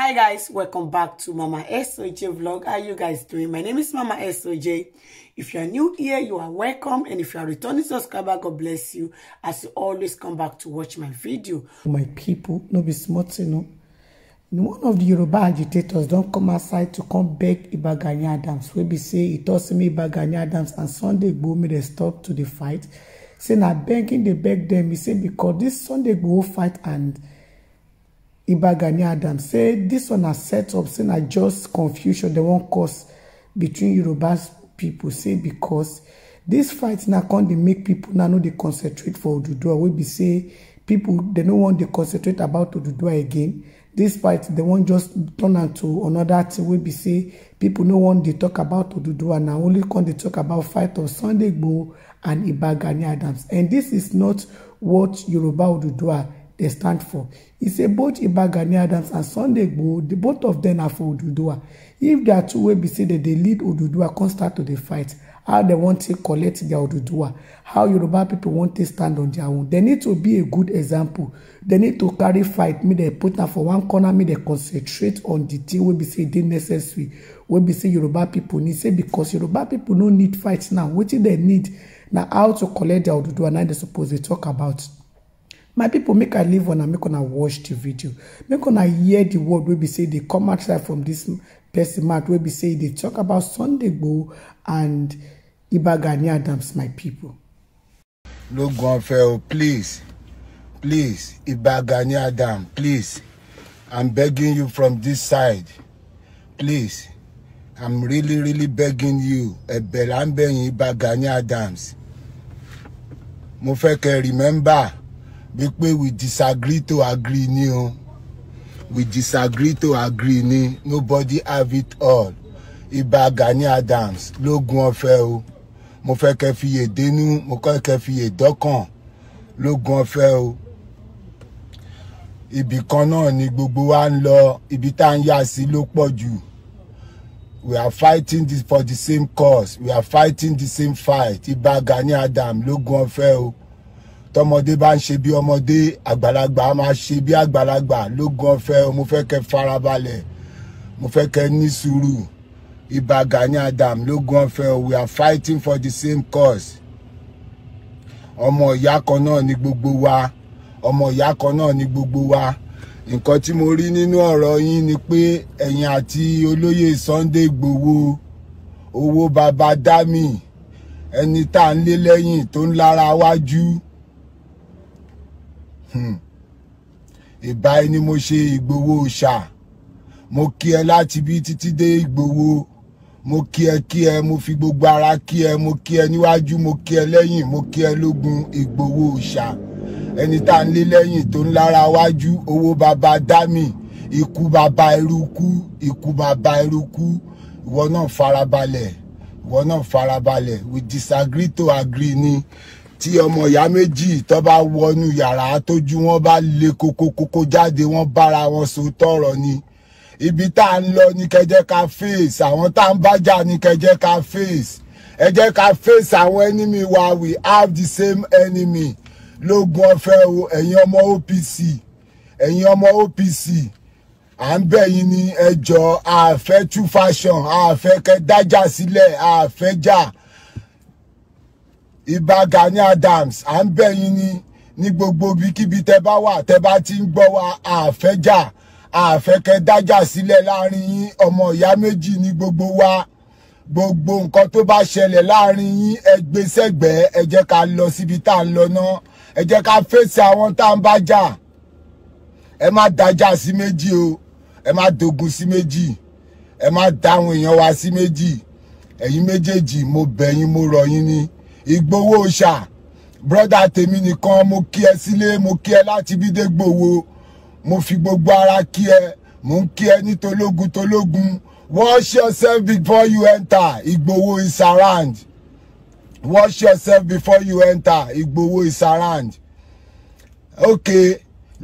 hi guys welcome back to mama soj vlog how you guys doing my name is mama soj if you are new here you are welcome and if you are returning subscriber god bless you as you always come back to watch my video my people no be smart you know one of the yoruba agitators don't come outside to come beg ibagani adams We be say e tok me make ibagani adams and sunday go make dem stop to the fight say na begging they beg them. He say because this sunday go fight and Iba Gani Adams say dis one has set up saying na just confusion the one cause between yoruba people. say because dis fight now, con they make people now no they concentrate for oduduwa We be say people they no want dey concentrate about oduduwa again dis fight they won't just turn into another thing. We be say people no want dey talk about oduduwa now. only con they talk about fight of sunday igboho and Iba Gani Adams and this is not what yoruba oduduwa they stand for. He said both Iba Gani Adams and Sunday Igboho, the both of them are for Oduduwa. If there are two way, be say that they lead Oduduwa, come start to the fight. How they want to collect their Oduduwa, how Yoruba people want to stand on their own. They need to be a good example. They need to carry fight, make they put am for one corner, make they concentrate on the thing We be say they necessary, We be say Yoruba people need. Say because Yoruba people no need fight now. Wetin they need now? how to collect their Oduduwa, Now they suppose dey talk about my people make i leave una make una watch the video make una hear the word wey be say they come outside from this person mouth wey be say they talk about sunday go and ibagani adams my people. no gunfell oh, please please ibagani adam please i'm begging you from this side please i'm really really begging you ẹ̀bẹ̀ là ń bẹ̀yín ibagani adams mo fẹ́ kẹ́ remember bí pé we disagree to agree ni o we disagree to agree ni nobody have it all Ìbà Gani Adams lógun ọ̀fẹ́ o mo fẹ́ kẹ́ fi yè dénú mo kọ́ kẹ́ fi yè dọ́kàn lógun ọ̀fẹ́ o ibì kan náà ni gbogbo wa ń lọ ibi tá ń yà sí ló pọ̀ jù we are fighting this for the same cause we are fighting the same fight Ìbà Gani Adams lógun ọ̀fẹ́ o tọmọdé bá ń ṣe bí ọmọdé àgbàlagbà á máa ṣe bí àgbàlagbà lógun ọ̀fẹ́ mo fẹ́ kẹ́ farabalẹ̀ mo fẹ́ kẹ́ ní sùúrù ibà Gani Adam lógun ọ̀fẹ́ we are fighting for the same cause ọmọ ìyá kan náà ni gbogbo wa ọmọ ìyá kan náà ni gbogbo wa nǹkan tí mo rí nínú ọ̀rọ̀ yín ni pé ẹ̀yin àti olóyè Sunday Igboho owó baba dami ẹni tá à ń lé lẹ́yìn tó ń lára wájú. Hmm. ìbá ẹni mo ṣe Ìgbòho ṣà mo kí ẹ láti bí títí dé Ìgbòho mo kí ẹ kí ẹ mo fi gbogbo ara kí ẹ mo kí ẹ níwájú mo kí ẹ lẹ́yìn mo kí ẹ lógun Ìgbòho ṣà ẹni tá à ń lé lẹ́yìn tó ń lára wájú owó baba dá mi ikú baba eruku ikú baba eruku ìwọ náà farabalẹ̀ ìwọ náà farabalẹ̀ we disagree to agree ni tí ọmọ ìyá méjì tó bá wọnú yàrá tójú wọn bá le kókókókó jáde wọn bára wọn sọ tọ̀rọ̀ ni ibi tá à ń lọ ní kẹjẹ ká fèsì àwọn tá à ń bájà ní kẹjẹ ká fèsì ẹ ká fèsì àwọn enemy wa we have the same enemy lógun ọ̀fẹ́ o ẹ̀yin ọmọ OPC ẹ̀yin ọmọ OPC à ń bẹ̀ yín ní ẹjọ́ àfẹ́ two fashion àfẹ́ kẹ dájà sílẹ̀ àfẹ́ jà. Ja Ìbà Gani Adams à ń bẹ̀ yín ni ní gbogbo ibikíbi tẹ bá wà tẹ bá ti ń gbọ́ wa àfẹ́jà àfẹ́kẹ́ dájà sílẹ̀ láàrin yín ọmọ ìyá méjì ní gbogbo wa gbogbo nǹkan tó bá ṣẹlẹ̀ láàrin yín ẹ gbé sẹ́gbẹ̀ẹ́ ẹ jẹ́ ká lọ síbi tá à ń lọ náà ẹ jẹ́ ká fèsì àwọn tá à ń bá jà ẹ má dájà sí méjì o ẹ má dogun sí méjì ẹ má dáhùn èèyàn wa sí méjì ẹ̀yin méjèèjì mo bẹ̀ yín mo rọ̀ yín ni. Ìgbòho ṣà brọ́dà tèmi nìkan mo kí ẹ sílé mo kí ẹ láti bídé gbòho mo fi gbogbo ara kí ẹ mo ń kí ẹ ní tológun tológun wash yourself before you enter Ìgbòho is around wash yourself before you enter Ìgbòho is around ok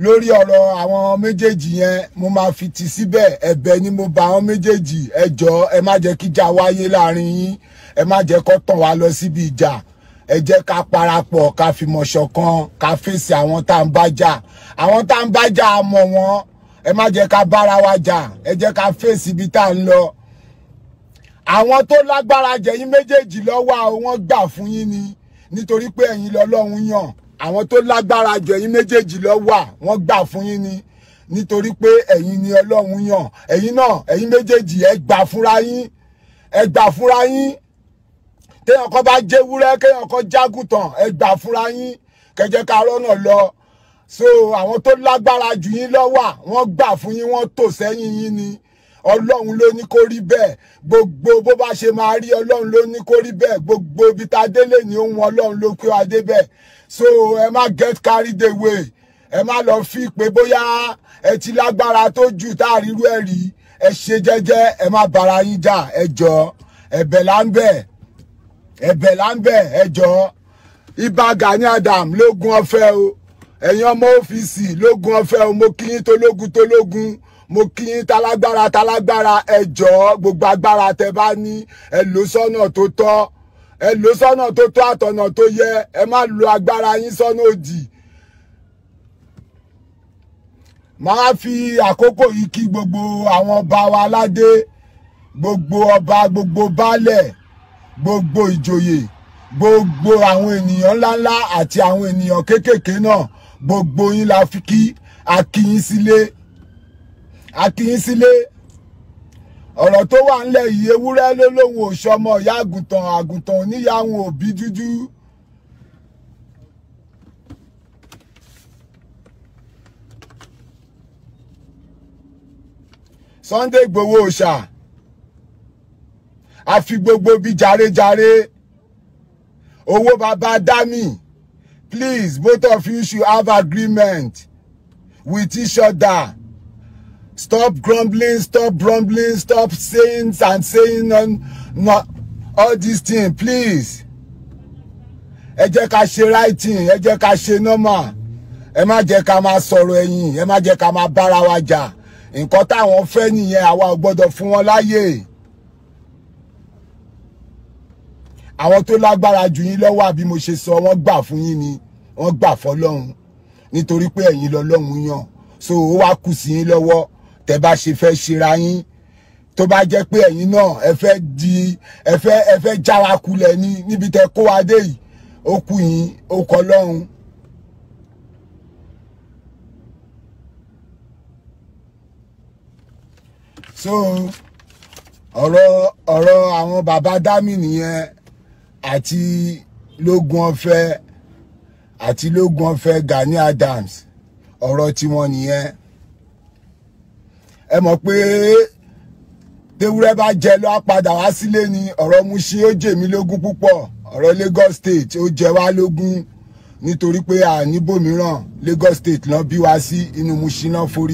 lórí ọ̀rọ̀ àwọn méjèèjì yẹn mo máa fi ti síbẹ̀ ẹ̀bẹ̀ ni mo bá àwọn méjèèjì ẹ jọ̀ọ́ ẹ má jẹ́ kíjà wáyé láàrin yín ẹ má jẹ́ kó tàn wá lọ síbi ìjà ẹ jẹ́ ká parapọ̀ ká fìmọ̀ ṣọ̀kan ká fèsì àwọn tá ń bá jà àwọn tá ń bá jà á mọ̀ wọ́n ẹ má jẹ́ ká bára wa jà ẹ jẹ́ ká fèsì ibi tá ń lọ. àwọn tó lágbára jẹ̀yìn méjèèjì lọ́wọ́ àwọn gbà fún yín ni nítorí pé ẹ̀yin lọ́lọ́run yàn àwọn tó lágbára jẹ̀yìn méjèèjì lọ́wọ́ wọ́n gbà fún yín ni nítorí pé ẹ̀yin ni ọlọ́run yàn ẹ̀yin náà ẹ̀yin méjèèjì ẹ gbà fúnra yín ẹ gbà fúnra yín téèyàn kan bá jẹ́ kéèyàn kan jágùtàn ẹ fúnra yín kẹjẹ ká rọ́nà lọ so àwọn tó lágbára jù yín lọ wà wọ́n gbà fún yín wọ́n tò sẹ́yìn yín ni ọlọ́run ló ní kó rí bẹ́ẹ̀ gbogbo bó bá ṣe máa rí ọlọ́run ló ní kó rí bẹ́ẹ̀ gbogbo ibi tá a délé ni ohun ọlọ́run ló pé adé bẹ́ẹ̀ so ẹ má get carried away ẹ má lọ fi pé bóyá ẹ ti lágbára tó jù tá a rírú ẹ rí ẹ ṣe jẹ́jẹ́ ẹ má bara yín jà ẹ jọ ẹ̀bẹ̀ là ń bẹ̀ ẹ̀bẹ̀ là ń bẹ̀ ẹ jọ̀ọ́ ibà Gani Adam lógún ọ̀fẹ́ o ẹ̀yin ọmọ ọ́fíìsì lógún ọ̀fẹ́ o mo kí yín tológun tológun mo kí yín talágbára talágbára ẹ jọ̀ọ́ gbogbo agbára tẹ bá ní ẹ lò sọ́nà tó tọ́ ẹ lò sọ́nà tó tọ́ àtọ̀nà tó yẹ ẹ má lo agbára yín sọ́nà òdì màá fi àkókò yìí kí gbogbo àwọn ọba wa aládé gbogbo ọba gbogbo baálẹ̀ gbogbo ìjòyè gbogbo àwọn ènìyàn ńláńlá àti àwọn ènìyàn kéékèèké náà gbogbo yín la fi kí akíyín sílé akíyín sílé ọ̀rọ̀ tó wà ńlẹ̀ yìí ewúrẹ́ ló lóun ò ṣọmọ ìyá àgùntàn àgùntàn oníyàwó òbí dúdú. Sunday Igboho ṣáà a fi gbogbo bí jarejare owó baba dami please both of you should have agreement with each other stop grumbling stop grumbling stop saying and saying on, on all this thing. please ẹ jẹ́ ká ṣe writing ẹ jẹ́ ká ṣe normal ẹ má jẹ́ ká máa sọ̀rọ̀ ẹ̀yìn ẹ má jẹ́ ká máa bára wa jà nǹkan táwọn fẹ́ nìyẹn àwa ò gbọ́dọ̀ fún wọn láyè. àwọn tó lágbára jù yín lọ́wọ́ àbí mo ṣe sọ wọ́n gbà fún yín ni wọ́n gbà fọlọ́run nítorí pé ẹ̀yin lọ́lọ́run yàn so ó wá kù sí yín lọ́wọ́ tẹ́ bá ṣe fẹ́ ṣera yín tó bá jẹ́ pé ẹ̀yin náà ẹ fẹ́ di ẹ fẹ́ ẹ fẹ́ já kulẹ̀ ní níbi tẹ́ kó wa dé yìí ó kù yín ó kọ lọ́run. so ọ̀rọ̀ ọ̀rọ̀ àwọn bàbá dámì nìyẹn àti lógún ọ̀fẹ́ àti lógún ọ̀fẹ́ Gani Adams ọ̀rọ̀ tiwọn nìyẹn ẹ mọ̀ pé tewúrẹ́ bá jẹ lọ á padà wá sílé ni ọ̀rọ̀ Mushin ó jẹ mí lógún púpọ̀ ọ̀rọ̀ Lagos State ó jẹ wá lógún nítorí pé a Lagos State lọ bí wá sí inú Mushin náà forí.